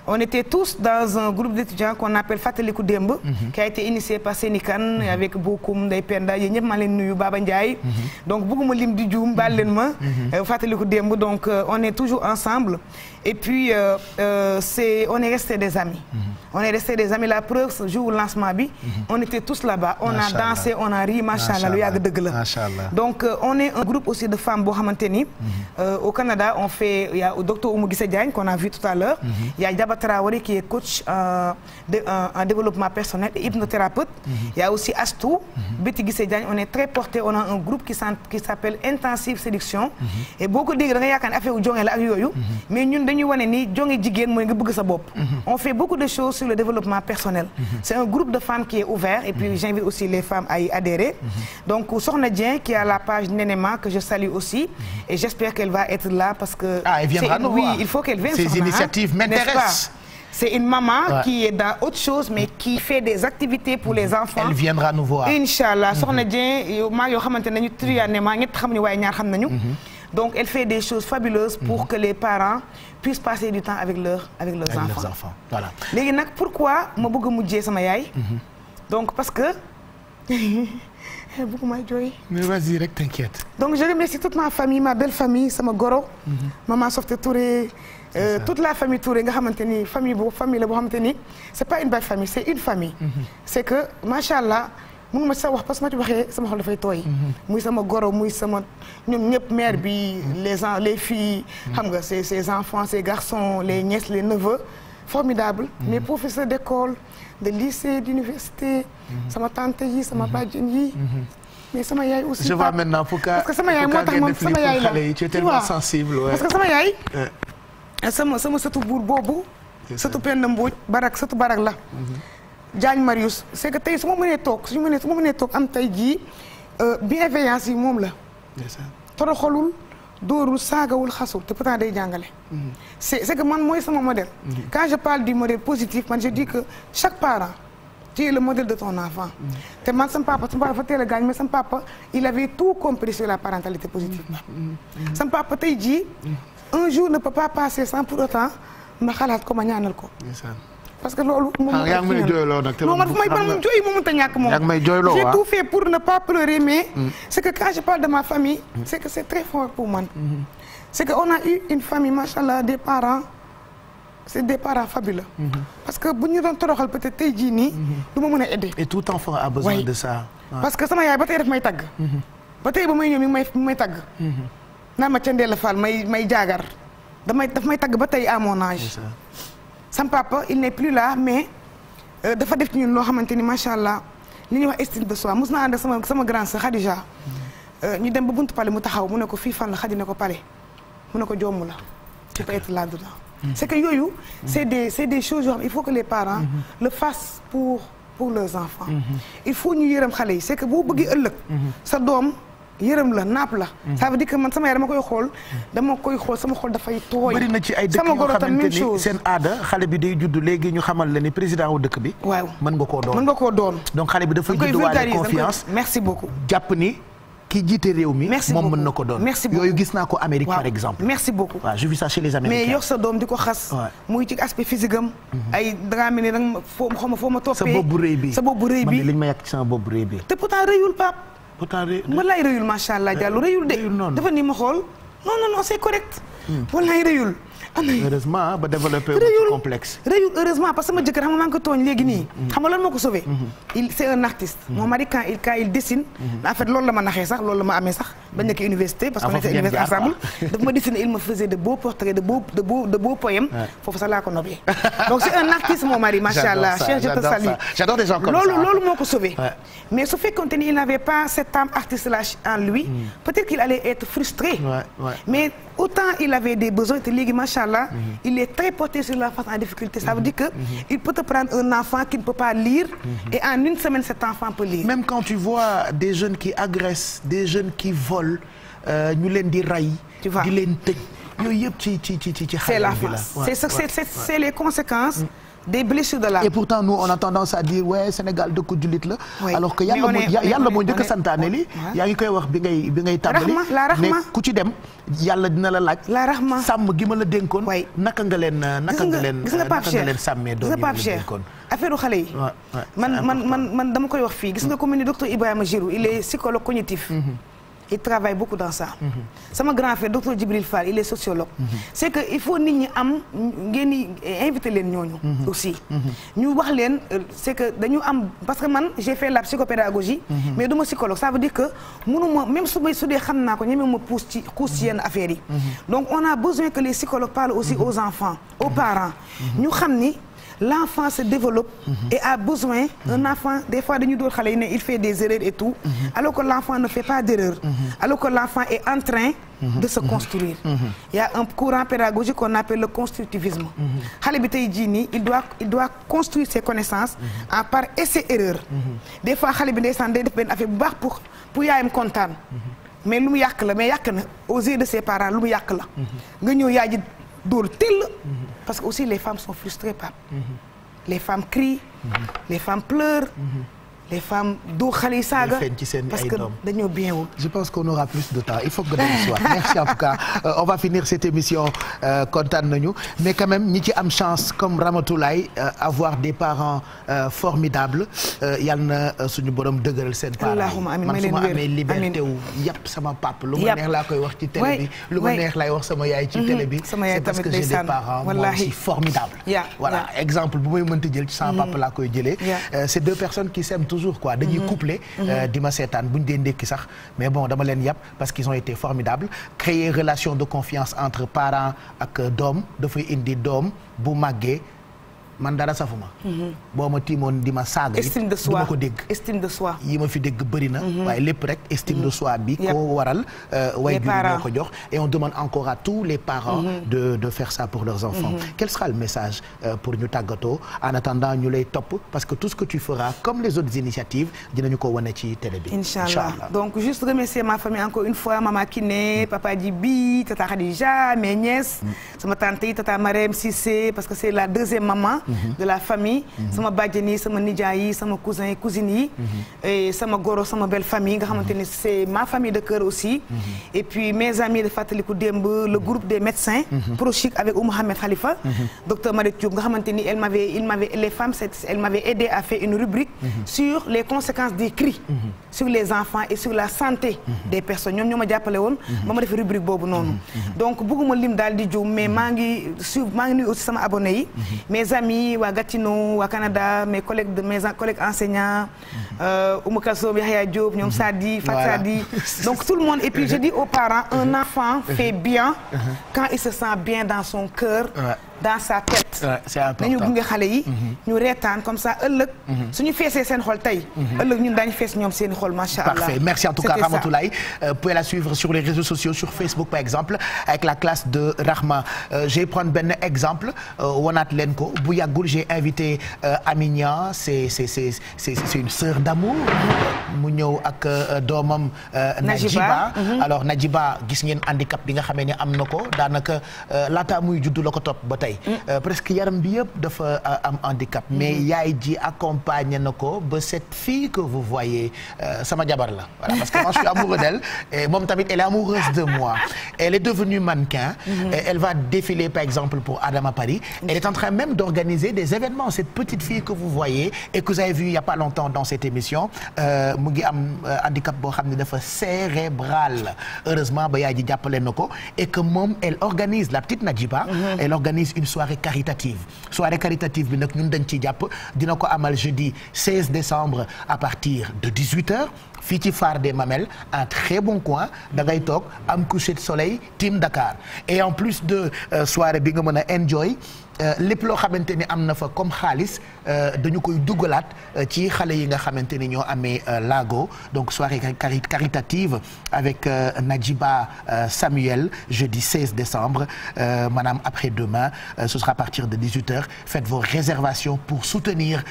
on était tous dans un groupe d'étudiants qu'on appelle Fataliku Demb. qui a été initié par Séni avec Bokoum Ndeye Penda yéen ñëpp maa leen nuyu Baba Ndiaye. donc bëgguma lim di juum baal leen ma. Euh, Fataliku Demb donc on est toujours ensemble. et puis est resté des amis. Paris. Mhm. on était tous là-bas. on a dansé on a ri macha allah lu yàgg dëgg la. donc euh, on est un groupe aussi de femmes boo xamante ni. Mhm. Euh, au Canada on fait il y a docteur Oumou Guissé Diagne qu'on a vu tout à l'heure mhm. il y a Diaba Traoré qui est coach euh, en développement personnel et hypnothérapeute. il aussi Astou. Betty Guissé Diagne on est très porté on a un groupe qui qui s'appelle Intensive Séduction. et boo ko déggee da nga yaakaar ne jonge la ak yooyu. mais ñun dañuy wane ni jonge jigéen mooy nga bëgg sa bopp. on fait femme qui est ouvert et puis mhm. j'invite aussi les femmes à y adhérer. Mhm. Donc Sokhna Dieng qui a la page Nenema que je salue aussi mhm. et j'espère qu'elle va être là parce que Ah, elle viendra nous oui, voir. il faut qu'elle vienne Ces initiatives m'intéressent. C'est une maman ouais. qui est dans autre chose mais qui fait des activités pour les enfants. Elle viendra nous voir. Inch'Allah Sokhna Dieng maa yoo xamante nañu trianema ñett xam ne waaye ñaar xam nañu donc elle fait des choses fabuleuses pour mhm. que les parents puissent passer du temps avec leur avec leurs avec enfants. leurs enfants voilà. pourquoi ma bëgg mu mujjee sama yaay. Mhm. donc parce que. bëgguma jooy. mais vas-y rek t'inquiète. donc je remercie toute ma famille ma belle famille sama goro. Mhm. maman Softé Touré. Euh, toute la famille Touré nga xamante ni famille boo famille la boo xamante ni c'est pas une belle famille c'est une famille. Mm -hmm. c'est que macha allah. mënu ma ci sax wax parce que ma ci waxee sama xol dafay tooy. Mhm. muy sama goro muy sama ñoom ñëpp mère bi mhm. les en les filles. Mhm. xam nga ces ces enfants ces garçons les nièces les neveux. formidable mais professeurs d'école de lycée d'université. sama tante yi sama bàjjen yi. mais sama yaay aussi. je vois maintenant pourquoi pourquoi ngeen def lii pour xale yi tu es tellement sensible. parce que sama yaay. sama sama satu buur boobu. sëtu Penda Mbodj barak satu barak la. Diagne Marius c'est que tey su ma mënee toog su ma mënee su ma mënee toog am tey jii euh, bienveillance yi moom la. toroxalul dóorul saagawul xasul te pourtant day jàngale. Mm-hmm. c'est c'est que man mooy sama modèle. Mm-hmm. quand je parle du modèle positif man je dis que chaque parent. tu es le modèle de ton enfant. Mm-hmm. te man sama papa sama papa dafa teel a gaañ mais sama papa il avait tout compris sur la parentalité positive. sama papa tey jii. un jour ne peut pas passer sans pour autant ma xalaat ko ma ñaanal ko. parce que loolu. moom mooy yaa ngi may jooyloo nag te non man fu may ban moom jooy moom ta ñàkk moom. yaa ngi may jooyloo waaw j'ai tout fait mm. de ma famille. c'est que c'est très mm-hmm. mm-hmm. parce que bu ñu doon toroxal peut-être tey jii nii. Mm-hmm. du ma mën a aider. et tout enfant que sama yaay ba tey daf may tagg. ba tey ba may ñëw mi may may tagg. naan ma ca may may jaagar damay daf may tagg ba tey à mon sam papa il n'est plus la mais euh, dafa def ci ñun loo xamante ni macha allah li ñuy wax estime de soi mos naa ànd sama sama grand sœur mm-hmm. euh, ñu dem ba bunt pale mu taxaw mu ne ko fii fan la Khadi ne ko pale mu ne ko joomu la tu peux être là dedans mm-hmm. que yooyu mm-hmm. c'est des c'est des choses il faut que les parents le fassent pour pour leurs enfants il faut ñu yërëm xale yi c'est que boo bëggee ëllëg sa doom yërëm la naap la. Mm. ça veut que man sama yaay dama koy xool dama koy xool sama xool dafay tooy. bëri na ci ay dëkk yoo seen aada xale bi day judd léegi ñu xamal la ni président wu dëkk bi. waaw mën nga koo doon mën nga koo doon. donc xale bi dafay judd waale confiance merci beaucoup jàpp ni. ki jiite réew mi moom mën na ko doon merci yooyu gis naa ko Amérique par exemple merci beaucoup waaw je vis ça chez les Américains mais yor sa doom di ko xas muy ci aspect physique mhm. ay dangaa mel ni danga foo xaw ma foo ma toppee sa bopp bu rëy bi sa bopp rëy bi man liñ ma yàq ci sama bopp bu pourtant ré. walaay réyul macha allah Diallo eh, réyul de. dafa ni ma xool non non non c'est correct. Hmm. walaay réyul. Ah, heureusement ba développé complexe réyul heureusement parce que ma jëkkër xam nga ko tooñ léegi nii hmm, hmm. xam nga lan ko sauvé il c'est un artiste mon mari quand il quand il dessine en loolu ma naxee sax loolu la ma amee sax bañ nekk université parce que ah, on était université ensemble daf ma dessiné il me de beaux portraits donc c'est un artiste mon mari macha allah cher je te salue j'adore des moo ko sauvé mais su fekkoonte il n'avait pas cette artiste là en lui hmm. peut-être qu'il allait être frustré mais autant il avait des besoins te léegi macha hmm. il est très porté sur la face en difficulté ça veut hmm. dire que il peut te prendre un enfant qui ne peut pas lire et école euh, ñu leen di rey di leen tëj yooyu yëpp ci ci ci ci xale bi la c'est la c'est c'est les conséquences mm. des blessures de la. et pourtant nous on a tendance à dire ouais Sénégal dëkku jullit la. santaane li. yaa ngi koy wax bi ngay bi ngay tàmbali. la rahma ne ku ci dem. yàlla dina la laaj. la rahma sàmm gi ma la dénkoon. waay naka nga leen naka nga leen. gis nga Pape Cheikh gis nga Pape Cheikh affaire xale yi. man man man man dama koy wax fii. gis nga commune docteur a Girou il est psychologue cognitif. Mm-hmm. il travaille beaucoup dans ça. sama grand frère docteur Djibril Fall il est sociologue. c' que il faut nit ñi am ngeen di invité leen ñooñu. aussi ñu wax leen c' que dañu am parce que man j'ai fait la psychopédagogie. mais du ma psychologue ça veut dire que mënuma même su may su dee xam naa ko ñeme ma pousse ci pousse ci yenn affaires yi. donc on a besoin que les psychologues parlent aussi aux enfants aux parents. ñu xam ni. l'enfant se développe mhm. et a besoin un mhm. enfant des fois dañu dóor xale yi ne il fait des erreurs et tout mhm. alors que l'enfant ne fait pas d'erreur alors que l'enfant est en train de se construire il un courant pédagogique qu'on appelle le constructivisme xale bi tey jii nii il doit il construire ses connaissances à part essai erreur des fois xale bi ndeysaan day def benn affaire bu baax pour pour yaayam kontaan mais lu mu yàq la mais yàq na aux yeux de ses parents lu mu yàq la nga ñëw yaay ji dóor tell parce que aussi les femmes sont frustrées, Pape. Mm -hmm. Les femmes crient, mm -hmm. les femmes pleurent. Mm-hmm. des femmes du xale yi saaga parce que dañoo bien wul. je merci en tout euh, on va finir cette émission euh, kontaan euh, nañu mais quand même ñi ci am chance comme Ramatoulaye euh, avoir des parents euh, formidables yal na suñu borom dëgëral seen parents yi man su ma amee liberté wu yàpp sama pap lu ma neex laa koy wax ci télé lu ma neex wax sama yaay ci mhm. télé bi c'est parce que j'ai des parents moi aussi formidables voilà exemple bu may mënti jël ci sama mhm. papa laa koy jëlee c'est deux personnes qui s'aiment toujours quoi dañuy mhm. couplé mhm. euh, di ma seetaan bu ñu dee ndékki sax mais bon dama leen yàpp parce qu'ils ont été formidables créer relation de confiance entre parents ak euh, doom dafay indi doom bu màggee man dara safuma boo ma tiimoon di ma saaga estime de soi du ma ko dégg estime de soi yi ma fi dégg bëri na mhm. waaye lépp rek estime de mhm. soi bi koo waral euh, way jur ñoo ko jox et on demande encore à tous les parents mhm. de de faire pour leurs enfants quel sera le message euh, pour ñu tàggatoo en attendant ñu lay topp parce que tout ce que tu feras comme les autres initiatives ko wane ci télé bi incha allah donc juste remercier ma famille encore une fois mama Kiné mm. papa Djibi tata Khadija mes nièces mm. sama tante que c'est la deuxième maman Mm-hmm. de la famille mm-hmm. sama bàjjen yi sama nijaay yi sama cousin yi cousines yi mm-hmm. et sama goro sama belle famille nga xamante ni c'est ma famille de cœur aussi et puis mes amis de fàttaliku démb le groupe des médecins Prochic avec Oumohamed Khalifa docteur Malick Diop nga xamante ni elle m'avait il m'avait les femmes elle m'avait aidé à faire une rubrique sur les conséquences des cris sur les enfants et sur la santé de personnes ñoom ñoo ma jàppale woon ba ma def rubrique boobu noonu donc bëgguma lim daal di juum mais maa ngi suivre maa ngi nuyu aussi sama abonné yi Italie waa Gatineau waa Canada mes collègues de mes collègues enseignants euh, Oumou Kassoum Yahya Diop ñoom mhm. Sadi Fat Sadi donc tout le monde et puis je dis aux parents un mhm. enfant fait mhm. bien quand il se sent bien dans son cœur dans sa tête. nañu gunge xale yi. Mhm. ñu reetaan comme ça ëllëg. Mhm. suñu feesee seen xool tey. Mhm. ëllëg ñun daañu fees ñoom seeni xool macha allah. parfait merci en tout cas Ramatoulaye. Euh, vous pouvez la suivre sur les réseaux sociaux sur Facebook par exemple avec la classe de Rahma euh, je vais benn exemple euh, wanaat leen ko bu yàggul j'ai invité Aminia c'est c'est c'est c'est une sœur d'amour mu ñëw ak doomam. Najiba alors Najiba gis ngeen handicap bi nga xamee ne am na ko daanaka laata muy juddu la ko tey. Mm. Euh, presque yaram bi yëpp dafa euh, am handicap. Mm-hmm. mais yaay ji accompagner na ko ba cette fille que vous voyez euh, sama la. voilà parce que moi je suis amoureux d'elle et moom tamit elle amoureuse de moi elle est devenue mannequin. Mm-hmm. elle va défiler par exemple pour Adama Paris. elle est en train même d'organiser des événements cette petite fille que vous voyez et que vous avez vu il y a pas longtemps dans cette émission mu ngi am handicap boo xam ne dafa cérébral heureusement ba yaay ji jàppale na et que moom la une soirée caritative soirée caritative bi nag ñun dañ ci jàpp dina ko amal jeudi 16 décembre à partir de 18h fii ci phare des Mamelles un très bon coin da ngay toog am coucher de soleil team Dakar et en plus de euh, soirée bi nga mën a enjoy Euh, lépp loo xamante ni am na fa comme xaalis euh, dañu koy dugalaat euh, ci xale yi nga xamante ni ñoo amee laago donc soirée caritative avec Najiba Samuel jeudi 16 décembre maanaam après-demain ce sera à partir de 18 heures faites vos réservations pour soutenir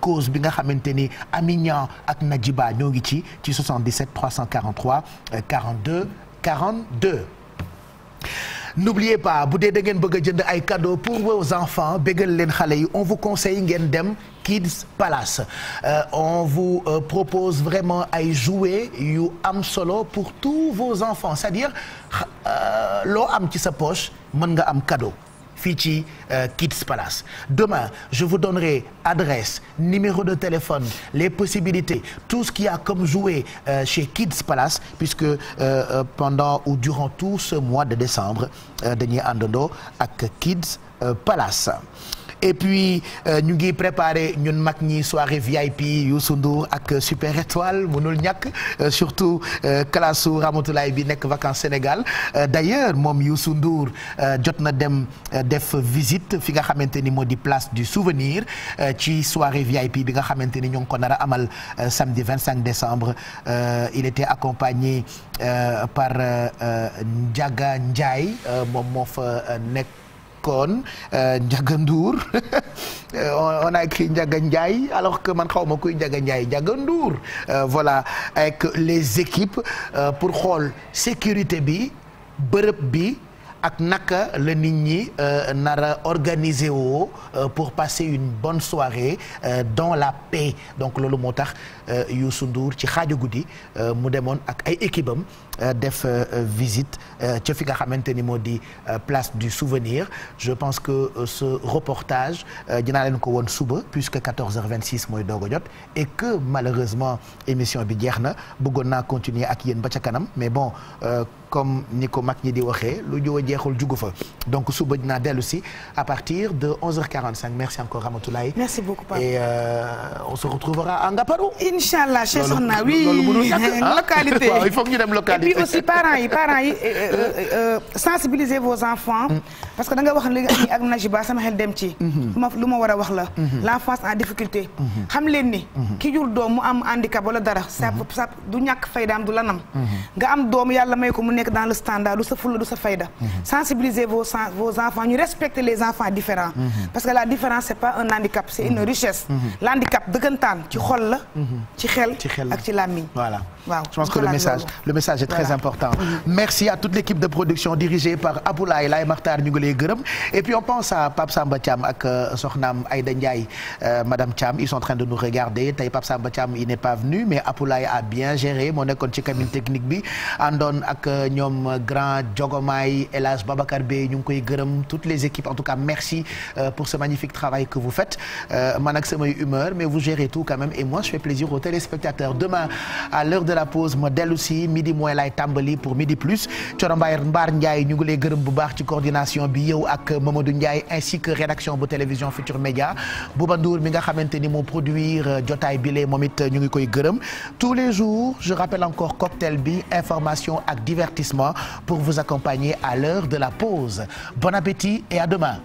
cause bi nga xamante ni Amignan ak Najiba ñoo ngi ci ci 77 343 42 42 n'oubliez pas bu dee da ngeen bëgg a jënd ay kado pour vos enfants bégal leen xale yi on vous conseille ngeen dem Kids Palace euh, on vous euh, propose vraiment ay jouets yu am solo pour tous vos enfants c'est-à-dire euh, loo am ci sa poche mën nga am kado fii ci euh, Kids Palace demain je vous donnerai adresse numéro de téléphone les possibilités tout ce qu'il y a comme jouet euh, chez Kids Palace puisque euh, pendant ou durant tout ce mois de décembre dañuy àndandoo ak Kids Palace et puis euh, ñu ngi préparer ñun mag ñi soirée VIP yu Ndour ak Super Étoile mënul ñàkk euh, surtout euh, classe Ramatoulaye bi nekk vacances Sénégal d'ailleurs moom Youssou Ndour jot na dem def visite fi nga xamante ni moo di place du souvenir ci soirée VIP bi nga xamante ni ñu ngi ko nar a amal samedi 25 décembre il était accompagné par Ndiaga Ndiaye moom moo fa nekk. nekkoon euh, Ndiaga Ndour euh, on a écrit Ndiaga alors que man xaw ma kuy Ndiaga Ndiaye euh, voilà avec les équipes pour xool sécurité bi bërëb bi. ak naka la nit ñi euh, nara organiser woo euh, pour passer une bonne soirée euh, dans la paix donc loolu moo tax Youssou Ndour ci xaajo guddi mu demoon ak ay équipe am def visite ca fi nga xamante ni moo di place du souvenir je pense que ce reportage naa leen ko woon suba puisque 14 vingt 26 mooy doog jot et que malheureusement émission bi jeex na buggoon naa continuer ak yéen ba ca kanam mais bon. comme ni ko ñi di waxee lu juwa jeexul jugu fa donc suba dinaa dellu si à partir de 11h45 merci encore Ramatoulaye. merci beaucoup Pape et euh, on se retrouvera à Ngaparou. incha allah chez Soxna oui localité waaw ah, il faut que ñu dem localité. et puis aussi parents yi parents yi euh, euh, euh, sensibiliser vos enfants. Mm. parce que da wax léegi ak Najiba sama dem ci. Mm-hmm. lu ma war a wax la. Mm-hmm. l'enfance en difficulté. Mm-hmm. xam leen ni. ki jur doom mu am handicap wala dara. sa sa du ñàkk faydaam du lanam. nga am doom yàlla may ko mu nekk nekk dans le standard du sa fulla du sa fayda mhm. sensibiliser vos enfants ñu respecter les enfants différents mhm. parce que la différence c'est pas un handicap c'est une mhm. richesse l'handicap dëggantaan ci xol la ci xel ak ci làmmiñ voilà waaw je pense que le message le message est très important. merci à toute l' équipe de production dirigée par Aboulaye Laye Makhtar ñu ngi lay gërëm et puis on pense à Pape Samba Thiam ak euh, soxnaam Aïda Ndiaye euh, madame Thiam ils sont en train de nous regarder tey Pape Samba Thiam il n' pas venu mais Aboulaye a bien géré moo nekkoon ci cabine technique bi àndoon ak euh, ñoom grand Jogomaay El Hadj Babacar Bey ñu toutes les équipes en tout cas merci pour ce magnifique travail que vous la pause ma dellu si midi mooy lay tàmbali pour midi plus Thioro Mbaye Mbaar Ndiaye ñu ngi lay gërëm bu baax ci coordination bi yow ak Mamadou Ndiaye ainsi que rédaction bu télévision Futur Média Bouba Ndour mi nga xamante ni moo produire euh, jotaay bile moom it ñu ngi koy gërëm tous les jours je rappelle encore cocktail bi information ak divertissement pour vous accompagner à l'heure de la pause bon appétit et à demain